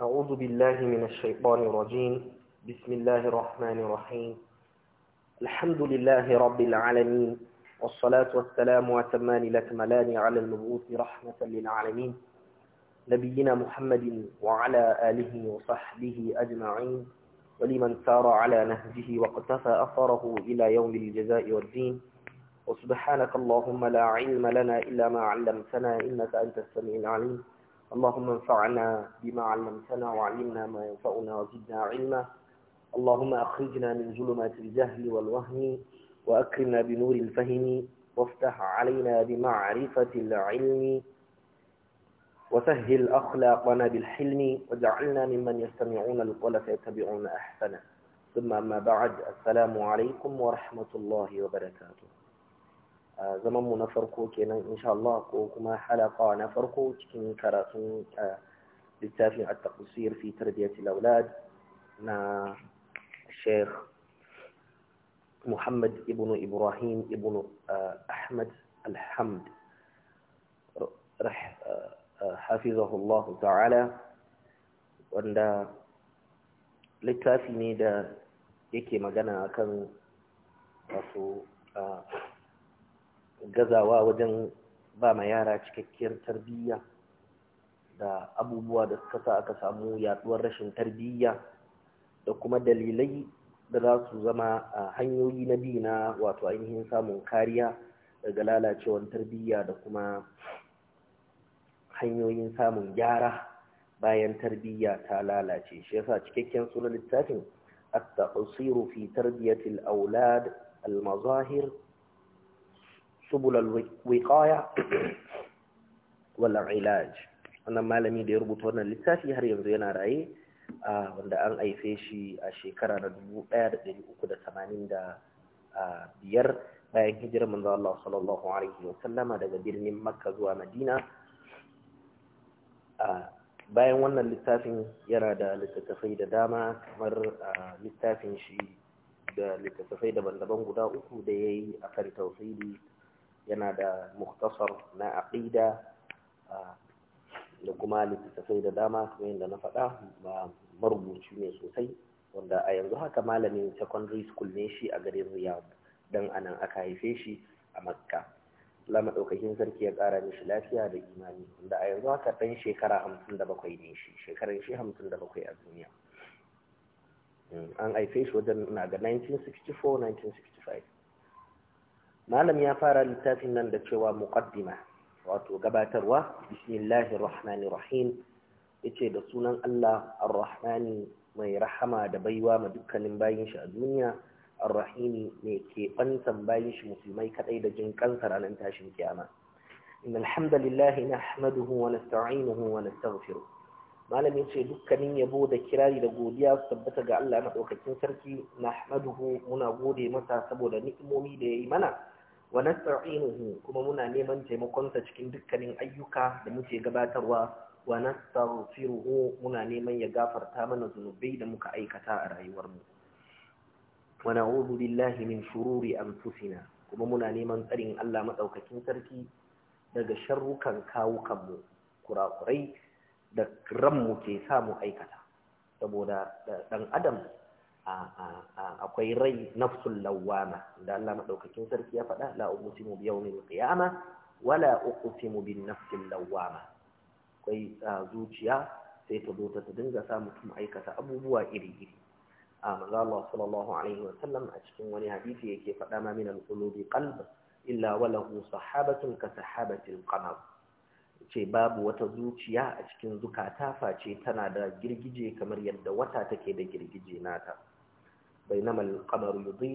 أعوذ بالله من الشيطان الرجيم بسم الله الرحمن الرحيم الحمد لله رب العالمين والصلاة والسلام وتمان لكملان على المبعوث رحمة للعالمين نبينا محمد وعلى آله وصحبه أجمعين ولمن سار على نهجه واقتفى أثره إلى يوم الجزاء والدين وسبحانك اللهم لا علم لنا إلا ما علمتنا إنك أنت السميع العليم اللهم انفعنا بما علمتنا وعلمنا ما ينفعنا وزدنا علما اللهم أخرجنا من ظلمات الجهل والوهم وأكرمنا بنور الفهم وافتح علينا بمعرفة العلم وسهل أخلاقنا بالحلم واجعلنا ممن يستمعون القول فيتبعون أحسنه ثم أما بعد السلام عليكم ورحمة الله وبركاته zaman mu na farko kenan insha Allah ko kuma halaka na farko cikin karatun littafin at-taqsir fi tarbiyatil awlad na Sheikh Muhammad ibn Ibrahim ibn Ahmad Al-Hamd rah hafizahu Allah ta'ala wanda littafi ne da yake magana akan wasu gazawa wajen ba ma yara cikakkiyar tarbiyya da abubuwa da suka sa aka samu yaduwar rashin tarbiyya da kuma dalilai da za su zama a hanyoyi na bi na wato ainihin samun kariya daga lalacewar tarbiyya da kuma hanyoyin samun gyara bayan tarbiyya ta lalace shi yasa cikakken sunan littafin at fi tarbiyatil aulad almazahir. subul al-wiqaya wal ilaj wannan malami da ya rubuta wannan littafi har yanzu yana raye wanda an aife shi a shekara na 1385 bayan hijirar manzo Allah sallallahu alaihi wa sallama daga birnin Makka zuwa Madina bayan wannan littafin yana da littattafai da dama kamar littafin shi da littattafai daban-daban guda uku da ya yi a kan tausayi. yana da muktasar na aqida da kuma littattafai da dama kuma yadda na faɗa ba marubuci ne sosai wanda a yanzu haka malamin secondary school ne shi a garin riyadh dan anan aka haife shi a makka Allah maɗaukakin sarki ya ƙara mishi lafiya da imani wanda a yanzu haka ɗan shekara hamsin da bakwai ne shi shekarar shi hamsin da bakwai a duniya hmm, an haife shi wajen na ga 1964-1965 malam ya fara littafin nan da cewa muqaddima wato gabatarwa bismillahir rahmanir rahim yace da sunan Allah ar-rahmani mai rahama da baiwa ma dukkanin bayin shi a duniya ar-rahimi ne ke bantan bayin shi musulmai kadai da jin kansar ranar tashin kiyama innal hamdalillah nahmaduhu wa nasta'inuhu wa nastaghfiruh malam yace dukkanin yabo da kirari da godiya su tabbata ga Allah madaukakin sarki nahmaduhu muna gode masa saboda ni'imomi da yayi mana wa nasta'inuhu kuma muna neman taimakonsa cikin dukkanin ayyuka da muke gabatarwa wa nastaghfiruhu muna neman ya gafarta mana zunubai da muka aikata a rayuwarmu wa na'udhu billahi min shururi anfusina kuma muna neman tsarin Allah madaukakin sarki daga sharrukan mu kurakurai da ranmu ke samu aikata saboda dan adam akwai rai nafsul lawwama da Allah madaukakin sarki ya faɗa la uqsimu bi yawmil qiyama wala uqsimu bin nafsil lawwama akwai zuciya sai ta zo ta dinga sa mutum aikata abubuwa iri-iri a maza Allah sallallahu alaihi wa sallam a cikin wani hadisi yake faɗa ma min al-qulubi qalb illa walahu sahabatun ka sahabatil qamar ce babu wata zuciya a cikin zukata face tana da girgije kamar yadda wata take da girgije nata bainama al-qamaru yudhi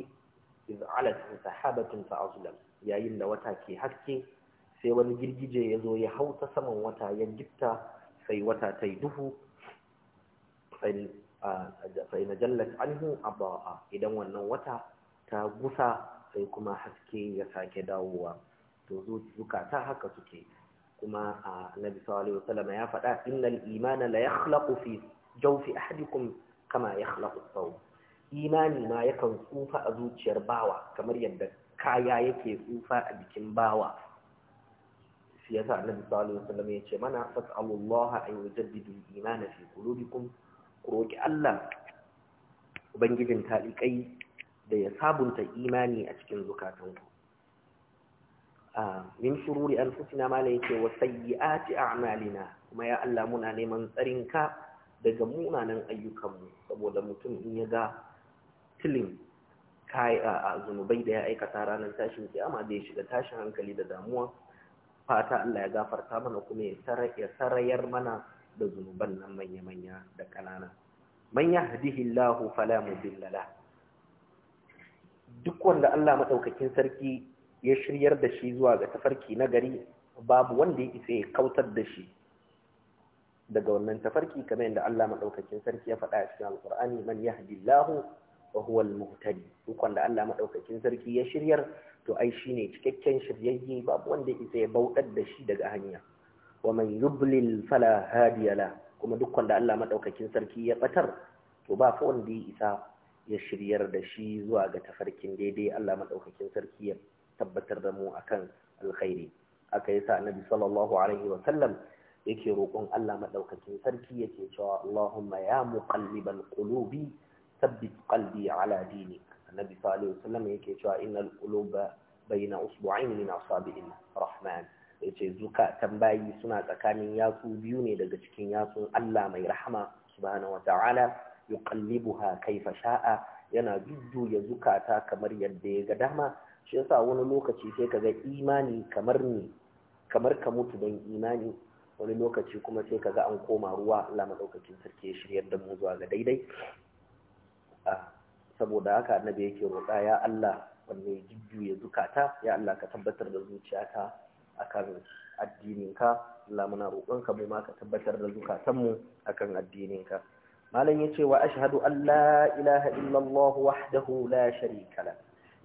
iz alat sahabatun fa azlam yayin da wata ke haske sai wani girgije ya zo ya hau ta saman wata ya gitta sai wata ta yi duhu sai na jallat anhu aba'a idan wannan wata ta gusa sai kuma haske ya sake dawowa to zukata haka suke kuma a nabi sallallahu alaihi ya faɗa innal imana la yakhlaqu fi jawfi ahadikum kama yakhlaqu as imani ma yakan tsufa a zuciyar bawa kamar yadda kaya yake tsufa a jikin bawa shi yasa annabi sallallahu alaihi wasallam ya mana fas'alullaha an yujaddidu al fi qulubikum roki Allah ubangijin talikai da ya sabunta imani a cikin zukatanku min shururi anfusina ma la yake wa sayyiati a'malina kuma ya Allah muna neman tsarin ka daga munanan ayyukanmu saboda mutum in ya ga tilin zunubai da ya aikata ranar tashin kiyama da ya shiga tashin hankali da damuwa fata Allah ya gafarta mana kuma ya sarayar mana da zunuban nan manya-manya da kanana man yahdihi Allahu fala mudilla la duk wanda Allah madaukakin sarki ya shiryar da shi zuwa ga tafarki na gari babu wanda ya isa ya kautar da shi daga wannan tafarki kamar yadda Allah madaukakin sarki ya faɗa a cikin Alƙur'ani man yahdi Allahu wa huwa al-muhtadi dukkan Allah maɗaukakin sarki ya shiryar to ai shine cikakken shiryayye babu wanda isa ya bautar da shi daga hanya wa man fala hadiya kuma dukkan da Allah madaukakin sarki ya ɓatar to ba wanda ya isa ya shiryar da shi zuwa ga tafarkin daidai Allah maɗaukakin sarki ya tabbatar da mu akan alkhairi aka yasa annabi sallallahu yake roƙon Allah maɗaukakin sarki yake cewa allahuma ya muqallibal qulubi sabbit qalbi ala dinik annabi sallallahu sallama wasallam yake cewa innal quluba bayna usbu'ain min asabi'ir rahman yace zukatan bayi suna tsakanin yatsu biyu ne daga cikin yatsun Allah mai rahama subhanahu wata'ala yuqallibuha kaifa sha'a yana ya zukata kamar yadda ya ga dama shi yasa wani lokaci sai kaga imani kamar ni kamar ka mutu don imani wani lokaci kuma sai ga an koma ruwa Allah madaukakin sarki ya shirya da mu zuwa ga daidai saboda haka annabi yake roƙa ya Allah wanne jujjuya zukata ya Allah ka tabbatar da zuciyata akan addininka Allah muna roƙonka mu ma ka tabbatar da zukatanmu akan addininka malam yace wa ashhadu an la ilaha illallah wahdahu la sharika la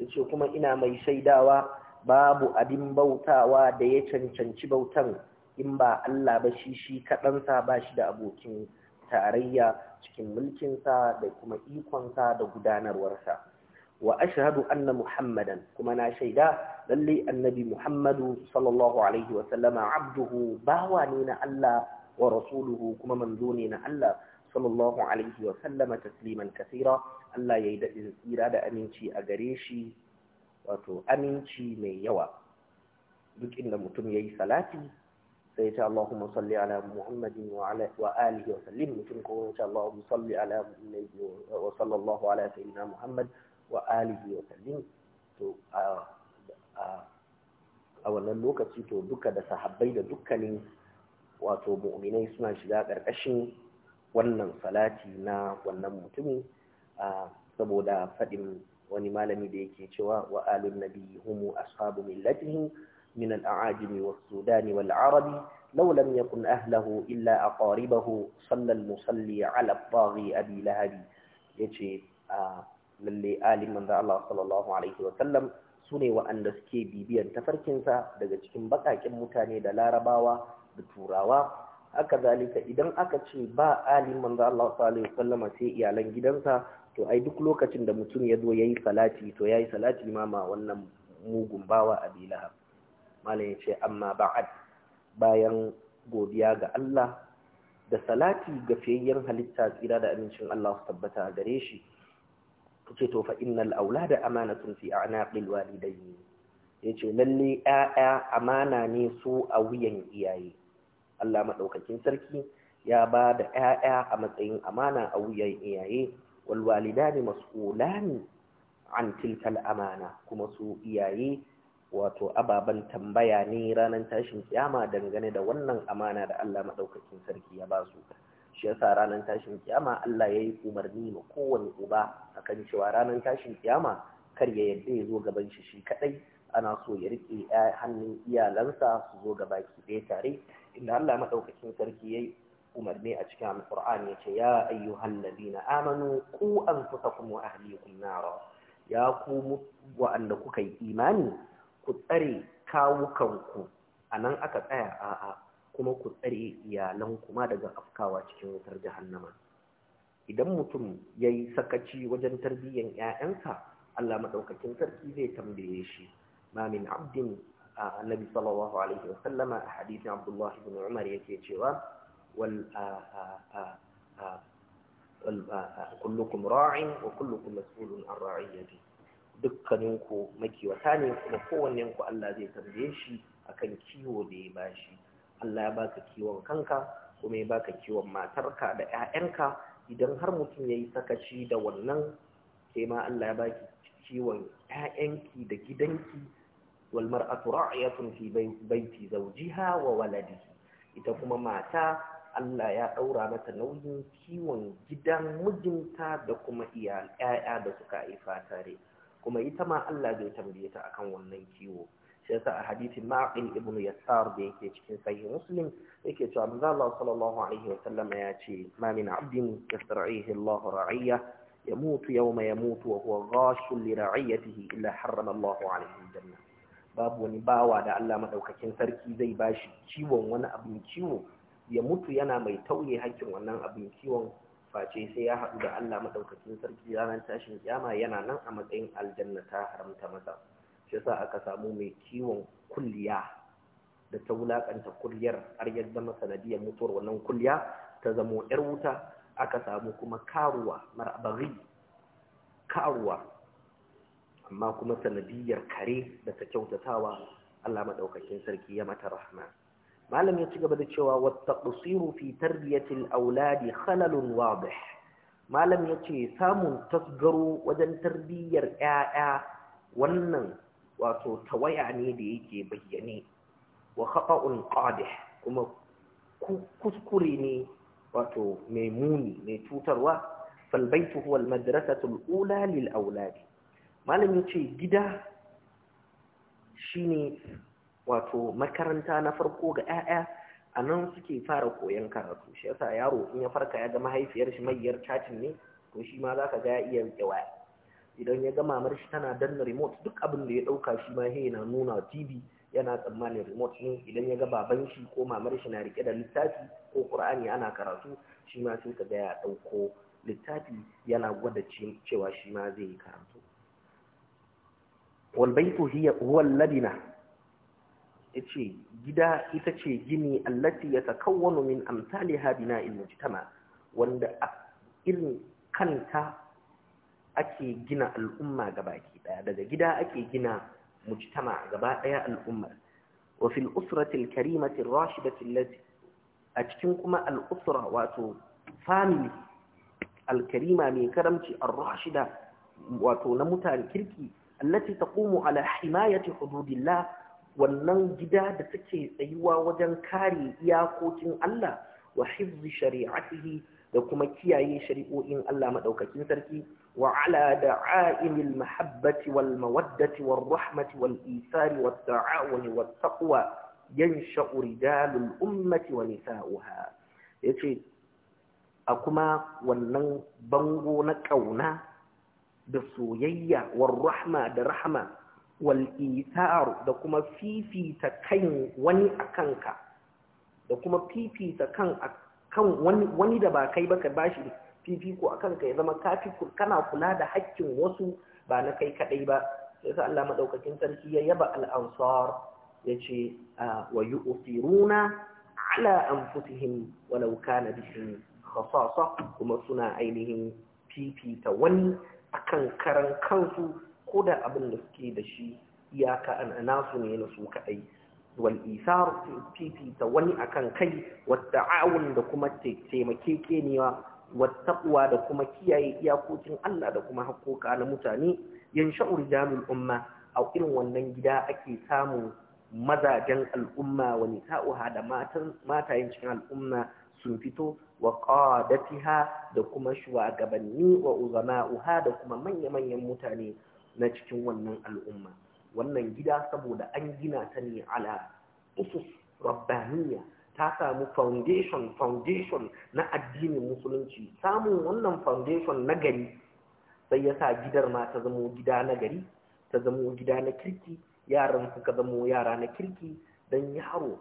yace kuma ina mai shaidawa babu abin bautawa da ya cancanci bautan in ba Allah ba shi shi kaɗansa ba shi da abokin tarayya cikin mulkinsa da kuma ikonsa da gudanarwarsa wa ashhadu anna muhammadan kuma na shaida lalle annabi muhammadu sallallahu alaihi wa sallama abduhu bawa ne na Allah wa rasuluhu kuma manzo ne na Allah sallallahu alaihi wa sallama tasliman kathira Allah yayi da tsira da aminci a gare shi wato aminci mai yawa duk inda mutum yayi salati sai ce Allahumma salli ala Muhammadin wa wa alihi wa sallim mutum ko insha Allah salli ala wa sallallahu ala sayyidina Muhammad wa alihi wa sallim to a wannan lokaci to duka da sahabbai da dukkanin wato mu'minai suna shiga karkashin wannan salati na wannan mutumin saboda faɗin wani malami da yake cewa wa alun nabi humu ashabu millatihim من الأعاجم والسودان والعرب لو لم يكن أهله إلا أقاربه صلى المصلي على الطاغي أبي لهب يجي lalle ali manzo Allah sallallahu alaihi wa sallam sune waɗanda suke bibiyan tafarkinsa daga cikin bakakin mutane da larabawa da turawa haka zalika idan aka ce ba ali manzo Allah sallallahu alaihi wa sallam sai iyalan gidansa to ai duk lokacin da mutum ya zo yayi salati to yayi salati ma ma wannan mugun bawa abi-lahab malam yace amma ba'ad bayan godiya ga Allah da salati ga fiyayyen halitta tsira da amincin Allah su tabbata a gare shi ce to fa da amana amanatun fi a'naqil walidayni yace lalle 'ya'ya amana ne su a wuyan iyaye Allah madaukakin sarki ya ba da 'ya'ya a matsayin amana a wuyan iyaye wal walidani mas'ulani an tilkal amana kuma su iyaye wato ababen tambaya ne ranar tashin kiyama dangane da wannan amana da Allah maɗaukakin sarki ya ba su shi yasa ranar tashin kiyama Allah ya yi umarni ma kowane uba akan cewa ranar tashin kiyama kar ya yadda ya zo gaban shi shi kaɗai ana so ya riƙe hannun iyalansa su zo gaba ki ɗaya tare inda Allah maɗaukakin sarki ya umarni a cikin alƙur'ani ya ce ya ayyuhan ladina amanu ku anfusakum wa ahlikum nara ya ku wa'anda kuka yi imani ku tsare kawukanku a nan aka tsaya a'a kuma ku tsare iyalan kuma daga afkawa cikin wutar jahannama idan mutum ya yi sakaci wajen tarbiyyar 'ya'yansa Allah maɗaukakin sarki zai tambaye shi ma min abdin annabi sallallahu alaihi wasallama a hadisin abdullahi bin umar yake cewa wal kullukum ra'in wa kullukum mas'ulun an ra'iyati dukkaninku makiwata ne kuma kowanne ku Allah zai tambaye shi akan kiwo da ya bashi Allah ya baka kiwon kanka kuma ya baka kiwon matarka da ƴaƴanka idan har mutum yayi sakaci da wannan sai ma Allah ya baki kiwon ƴaƴanki da gidanki wal mar'atu ra'iyatun fi baiti zawjiha wa waladihi ita kuma mata Allah ya ɗaura mata nauyin kiwon gidan mijinta da kuma iyal ƴaƴa da suka haifa tare kuma ita ma Allah zai tambaye ta akan wannan kiwo shi yasa a hadisin Ma'qil ibn yasar da yake cikin sahih Muslim yake cewa manzo Allah sallallahu alaihi wa sallam ya ce ma min 'abdin yastar'ihi Allah ra'iyya yamutu yawma yamutu wa huwa ghashun li ra'iyatihi illa harrama Allah alaihi al-janna babu wani bawa da Allah madaukakin sarki zai bashi kiwon wani abin kiwo? ya mutu yana mai tauye hakkin wannan abin kiwon? face sai ya haɗu da Allah madaukakin sarki ranar tashin kiyama yana nan a matsayin aljanna ta haramta masa shi yasa aka samu mai kiwon kulliya da ta wulakanta kulliyar har ya zama sanadiyar mutuwar wannan kulliya ta zamo yar wuta aka samu kuma karuwa marabari karuwa amma kuma sanadiyar kare da ta kyautatawa Allah madaukakin sarki ya mata rahma malam ya ci gaba da cewa wata ƙusiru fi tarbiyyatil auladi khalalun wadih malam ya ce samun tasgaro wajen tarbiyyar 'ya'ya wannan wato tawaya ne da yake bayyane wa khata'un qadih kuma kuskure ne wato mai muni mai cutarwa fal baitu huwa al madrasatu al ula lil auladi malam ya ce gida shine wato makaranta na farko ga 'ya'ya a nan suke fara koyon karatu shi yasa yaro in ya farka ya ga mahaifiyar shi mayyar cacin ne to shi ma zaka ga ya iya rike waya idan ya ga mamar shi tana danna remote duk abin da ya dauka shi ma he yana nuna TV yana tsammanin remote ne idan ya ga baban shi ko mamar shi na rike da littafi ko Qur'ani ana karatu shi ma sai ka ga ya dauko littafi yana gwada cewa shi ma zai yi karatu wal baytu hiya huwa ya ce gida ita ce gini allati ya takawwano min amsali habina ilmujtama wanda a irin kanta ake gina al'umma ke daya daga gida ake gina mujtama gaba daya al'ummar wa fil usrati karimati rashidati allati a cikin kuma al'usra wato family al-karima mai karamci ar-rashida wato na mutane kirki allati taqumu ala himayati hududillah wannan gida da suke tsayuwa wajen kare iyakokin Allah wa hifzi shari'atihi da kuma kiyaye shari'o'in Allah madaukakin sarki wa ala da'aimil mahabbati wal mawaddati war rahmati wal isari wat ta'awuni wat taqwa yansha ridalul ummati wa nisa'uha yace a kuma wannan bango na kauna da soyayya war rahma da rahma wal da kuma fifita kan wani akan ka da kuma fifita kan kan wani da ba kai ba ka bashi fifiko akan ka ya zama kafi kana kula da haƙƙin wasu ba na kai kaɗai ba sai sa Allah madaukakin sarki ya yaba al-ansar yace ah, wa yu'thiruna ala anfusihim walau kana bihim khasasa kuma suna ainihin fifita wani akan karan kansu ko da abin da suke da shi iyaka an nasu ne na su kaɗai wal isar fifita wani akan kai wata awun da kuma taimakekeniya uwa da kuma kiyaye iyakokin Allah da kuma haƙoƙa na mutane yan sha'ur umma a irin wannan gida ake samun mazajen al'umma wa nisa'uha da matan matayen cikin al'umma sun fito wa qadatiha da kuma shugabanni wa uzama'uha da kuma manya-manyan mutane na cikin wannan al'umma wannan gida saboda an gina ta ne ala usus rabbaniya ta samu foundation foundation na addinin musulunci samun wannan foundation na gari sai ya sa gidar ma ta zamo gida na gari ta zamo gida na kirki yaran suka zamo yara na kirki don yaro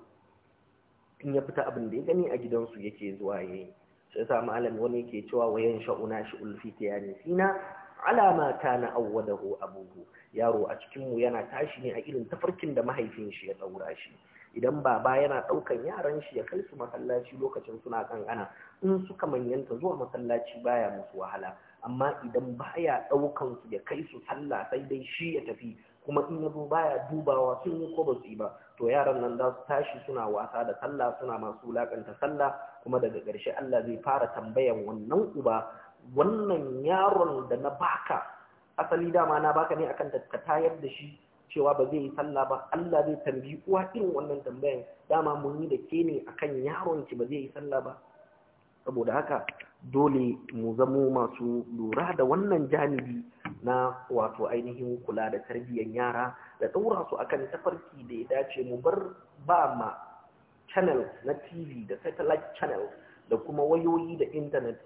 in ya fita abin da ya gani a gidansu yake zuwa yayi sai sa malam wani yake cewa wayan sha'una shi ulfi yani sina ala ma kana awwadahu abuhu yaro a cikin mu yana tashi ne a irin tafarkin da mahaifin shi ya daura shi idan baba yana daukan yaran shi ya kai su masallaci lokacin suna kankana in suka manyanta zuwa masallaci baya musu wahala amma idan baya daukan su ya kai su sallah sai dai shi ya tafi kuma in ya baya dubawa sun yi ko ba yi ba to yaran nan za su tashi suna wasa da sallah suna masu wulakanta sallah kuma daga ƙarshe Allah zai fara tambayan wannan uba wannan yaron da na baka asali dama na baka ne akan ka tayar da shi cewa ba zai yi sallah ba Allah zai tambi uwa irin wannan tambayan dama mun yi da ke ne akan yaron ki ba zai yi sallah ba saboda haka dole mu zamo masu lura da wannan janibi na wato ainihin kula da tarbiyyar yara da ɗaura su akan tafarki da ya dace mu bar ba ma channel na TV da satellite channel da kuma wayoyi da intanet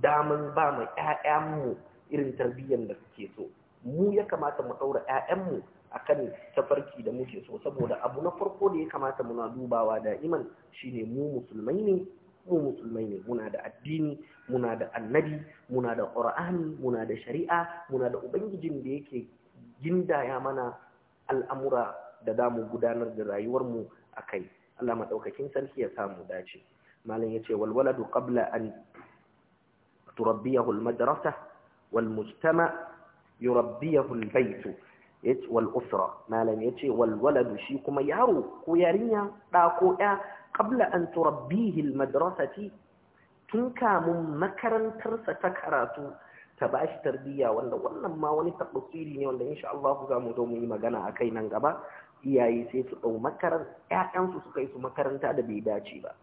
daman ba mu ƴaƴanmu irin tarbiyyar da suke so mu ya kamata mu ɗaura ƴaƴanmu kan tafarki da muke so saboda abu na farko da ya kamata muna dubawa da iman shine mu musulmai ne mu musulmai ne muna da addini muna da annabi muna da qur'ani muna da shari'a muna da ubangijin da yake gindaya mana al'amura da za mu gudanar da rayuwarmu a kai Allah maɗaukakin sarki ya samu dace malam ya ce walwaladu qabla an تربيه المدرسة والمجتمع يربيه البيت والأسرة ما لم يتي والولد شيكما يارو كويريا تاكو قبل أن تربيه المدرسة تنكا من مكرا ترسى makarantarsa ta ba shi tarbiyya wanda wannan ma wani tabbasiri ne wanda insha Allah za mu zo yi magana a kai nan gaba iyaye sai su ɗau makaran ƴaƴansu su kai su makaranta da bai dace ba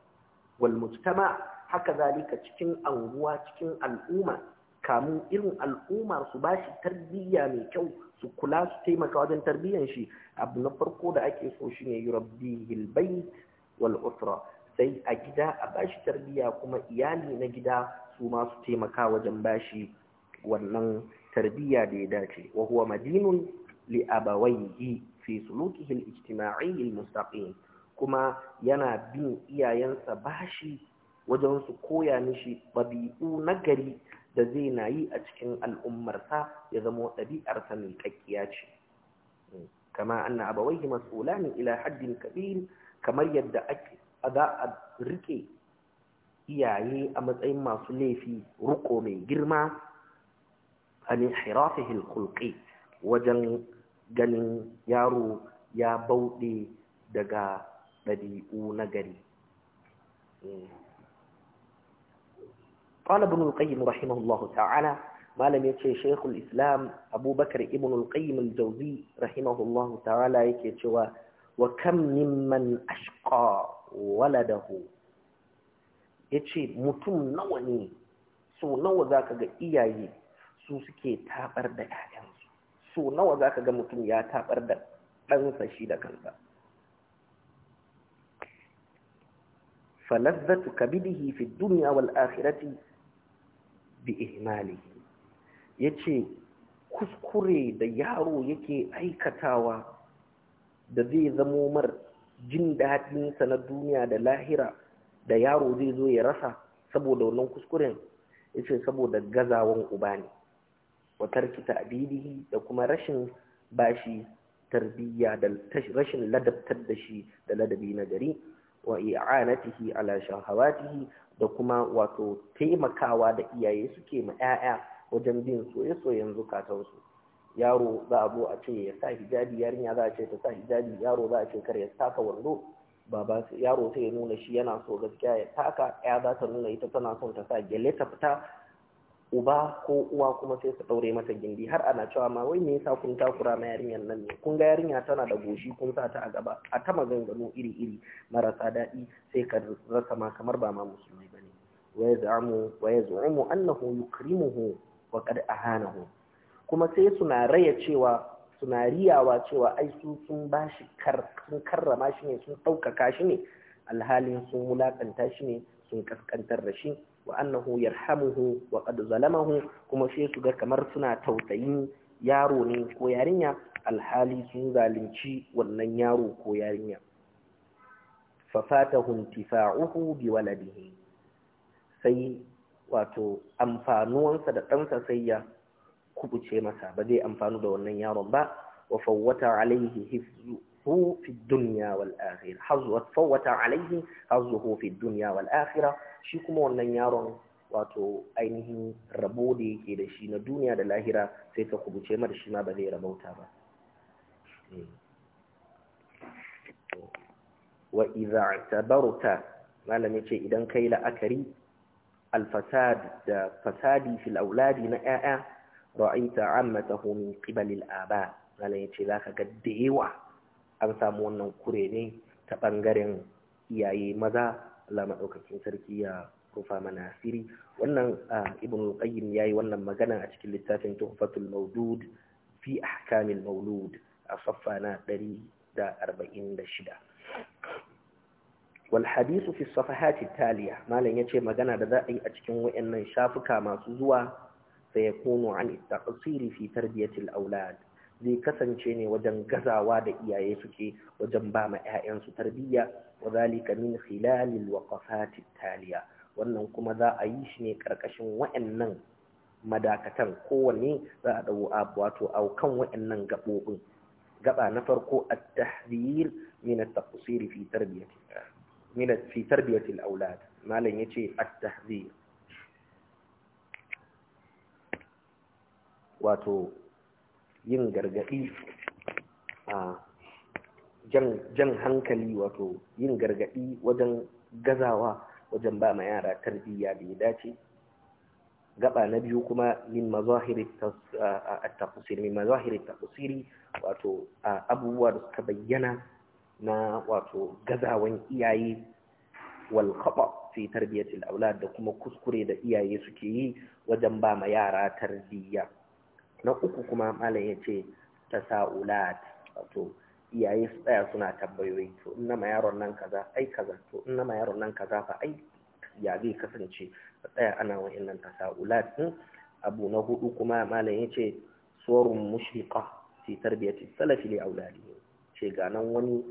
wal mujtama haka zalika cikin anguwa cikin al'umma kamun irin al'umma su ba shi tarbiyya mai kyau su kula su taimaka wajen tarbiyyan shi abu na farko da ake so shi ne yurabbihil bait wal usra sai a gida a ba shi tarbiyya kuma iyali na gida su ma su taimaka wajen ba shi wannan tarbiyya da ya dace wa huwa madinun li abawaihi fi sulukihi al-ijtima'i al-mustaqim kuma yana bin iyayensa bashi wajen su koya mishi ɗabi'u na gari da zai na yi a cikin al'ummarsa ya zama ɗabi'arsa mai ƙaƙƙiya ce kama anna abawaihi mas'ulani ila haddin kabir kamar yadda ake za a rike iyaye a matsayin masu laifi ruko mai girma an hirafihil hulqi wajen ganin yaro ya bauɗe daga ɗabi'u na gari qala ibn al-qayyim rahimahullahu ta'ala malam yace shaykhul islam abubakar ibn Jauzi qayyim al ta'ala yake cewa wa kam mimman ashqa waladahu yace mutum nawa ne so nawa zaka ga iyaye su suke tabar da ƴaƴansu so nawa zaka ga mutum ya taɓar da ɗansa shi da kansa falazzatu kabidihi fi dunya wal akhirati bi ya yace kuskure da yaro yake aikatawa da zai zamo mar jin daɗinsa na duniya da lahira da yaro zai zo ya rasa saboda wannan kuskuren yace saboda gazawan uba ne wa tarki ta'didihi da kuma rashin bashi tarbiyya da rashin ladabtar da shi da ladabi na gari wa i'anatihi ala shahawatihi da kuma wato taimakawa da iyaye suke ma ƴaƴa wajen bin soye-soyen zukatansu yaro za a zo a ce ya sa hijabi yarinya za a ce ta sa hijabi yaro za a ce kar ya saka wando baba yaro sai ya nuna shi yana so gaskiya ya taka ƴa za ta nuna ita tana son ta sa gele ta fita uba ko uwa kuma sai su ɗaure mata gindi har ana cewa ma wai me yasa kun takura ma yarinyar nan ne kun ga yarinya tana da goshi kun sa ta a gaba a ta maganganu iri-iri marasa daɗi sai ka rasa ma kamar ba ma musulmi ba ne wa ya zu'umu annahu yukrimuhu wa qad ahanahu kuma sai suna raya cewa suna riyawa cewa ai su sun bashi kar sun karrama shi ne sun ɗaukaka shi ne alhalin sun wulakanta shi ne sun kaskantar da shi wa annahu yarhamuhu wa qad zalamahu kuma sai su ga kamar suna tausayin yaro ne ko yarinya alhali sun zalunci wannan yaro ko yarinya fa fatahu intifa'uhu bi waladihi sai wato amfanuwansa da ɗansa sai ya kubuce masa ba zai amfanu da wannan yaron ba wa fawwata alaihi hifzu حظه في الدنيا alaihi, حظه تفوت عليه حظه في الدنيا والآخرة shi kuma wannan yaron wato ainihin rabo da da shi na duniya da lahira sai ka kubuce mara shi ma ba zai rabauta ba eh. wa idza tabarta malami ce idan kai la'akari alfasad da fasadi fil auladi na 'ya'ya ra'aita ammatahu min qibali al-aba malami ce zaka ga da an samu wannan kure ne ta ɓangaren iyaye maza Allah maɗaukakin sarki ya rufa mana asiri wannan ibn qayyim yi wannan magana a cikin littafin tuhfatul mawdud fi ahkamil maulud a saffa na 146 wal hadithu fi safahati taliya malam yace magana da za a yi a cikin wayannan shafuka masu zuwa sai yakunu an at-taqsiri fi tarbiyatil aulad zai kasance ne wajen gazawa da iyaye suke wajen ba ma 'ya'yansu tarbiyya wa zalika min khilalil waqafati taliya wannan kuma za a yi shi ne karkashin wayannan madakatan kowanne za a dawo wato aukan wayannan gabobin gaba na farko at-tahdhir min at-taqsir fi tarbiyati min fi tarbiyati al-aulad malam yace at-tahdhir wato yin gargaɗi a jan hankali wato yin gargaɗi wajen gazawa wajen ba ma yara tarbiyya da ya dace gaba na biyu kuma min mazahiri ta min wato abubuwa da suka bayyana na wato gazawan iyaye wal khata fi tarbiyatil aulad da kuma kuskure da iyaye suke yi wajen ba ma yara tarbiyya na uku kuma malam ya ce ta sa'ulat wato iyaye su tsaya suna tambayoyi to in nama yaron nan kaza ai kaza to in nama yaron nan kaza fa ai ya zai kasance Ta tsaya ana wa'annan sa'ulat din abu na hudu kuma malam ya ce suwarun mushriqa fi tarbiyati salafi li auladi ce ga nan wani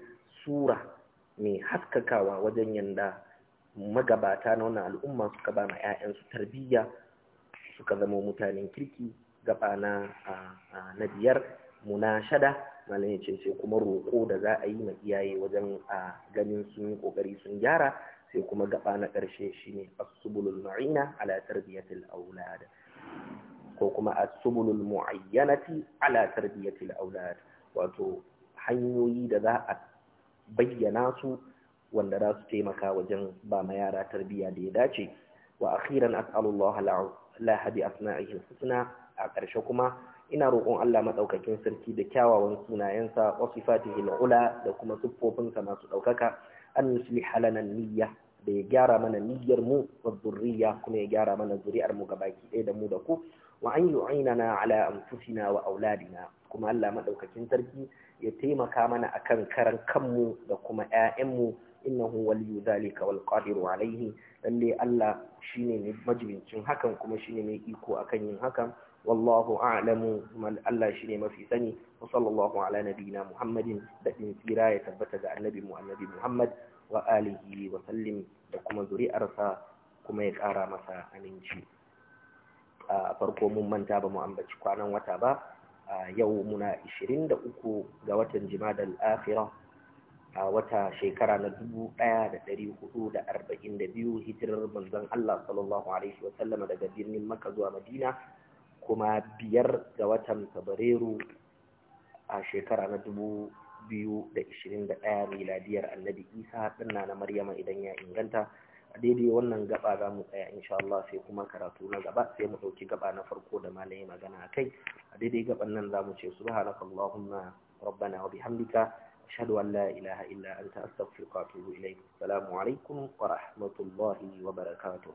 sura mai haskakawa wajen yanda magabata na wannan al'umma suka ba ma 'ya'yansu tarbiyya suka zama mutanen kirki gaba na na biyar munashada malam ce sai kuma roƙo da za a yi ma iyaye wajen a ganin sun yi ƙoƙari sun gyara sai kuma gaba na ƙarshe shine as mu'ina ala tarbiyatil aulad ko kuma asubulul mu'ayyanati ala tarbiyatil aulad wato hanyoyi da za a bayyana su wanda za su taimaka wajen ba ma yara tarbiyya da ya dace wa akhiran as'alullah la hadi asna'ihi husna a ƙarshe kuma ina roƙon Allah maɗaukakin sarki da kyawawan sunayensa wa sifatihi ula da kuma siffofinsa masu ɗaukaka an yusliha lana niyya da ya gyara mana niyyar mu wa zurriya kuma ya gyara mana zuri'ar mu gabaki ɗaya da mu da ku wa an na ala anfusina wa auladina kuma Allah maɗaukakin sarki ya taimaka mana akan karan kanmu da kuma inna innahu waliyu zalika wal qadiru alaihi lalle Allah shine majibincin hakan kuma shine mai iko akan yin hakan wallahu a'lamu man Allah shine mafi sani wa sallallahu ala nabiyina Muhammadin da din tsira ya tabbata ga annabi mu annabi Muhammad wa alihi wa sallim da kuma zuri'arsa kuma ya kara masa aminci a farko mun manta ba mu ambaci kwanan wata ba yau muna 23 ga watan jimadal akhirah a wata shekara na dubu ɗaya da ɗari hudu da arba'in da biyu hijirar manzon Allah sallallahu alaihi sallam daga birnin Makka zuwa Madina kuma biyar ga watan fabrairu a shekara na dubu biyu da ishirin da ɗaya miladiyar annabi isa ɗinna na maryama idan ya inganta a daidai wannan gaba za mu tsaya insha Allah sai kuma karatu na gaba sai mu ɗauki gaba na farko da malayi magana a kai a daidai gaban nan za mu ce su allahumma rabbana wa bihamdika ashhadu an la ilaha illa anta astaghfiruka wa atubu ilayk assalamu alaikum wa rahmatullahi wa barakatuh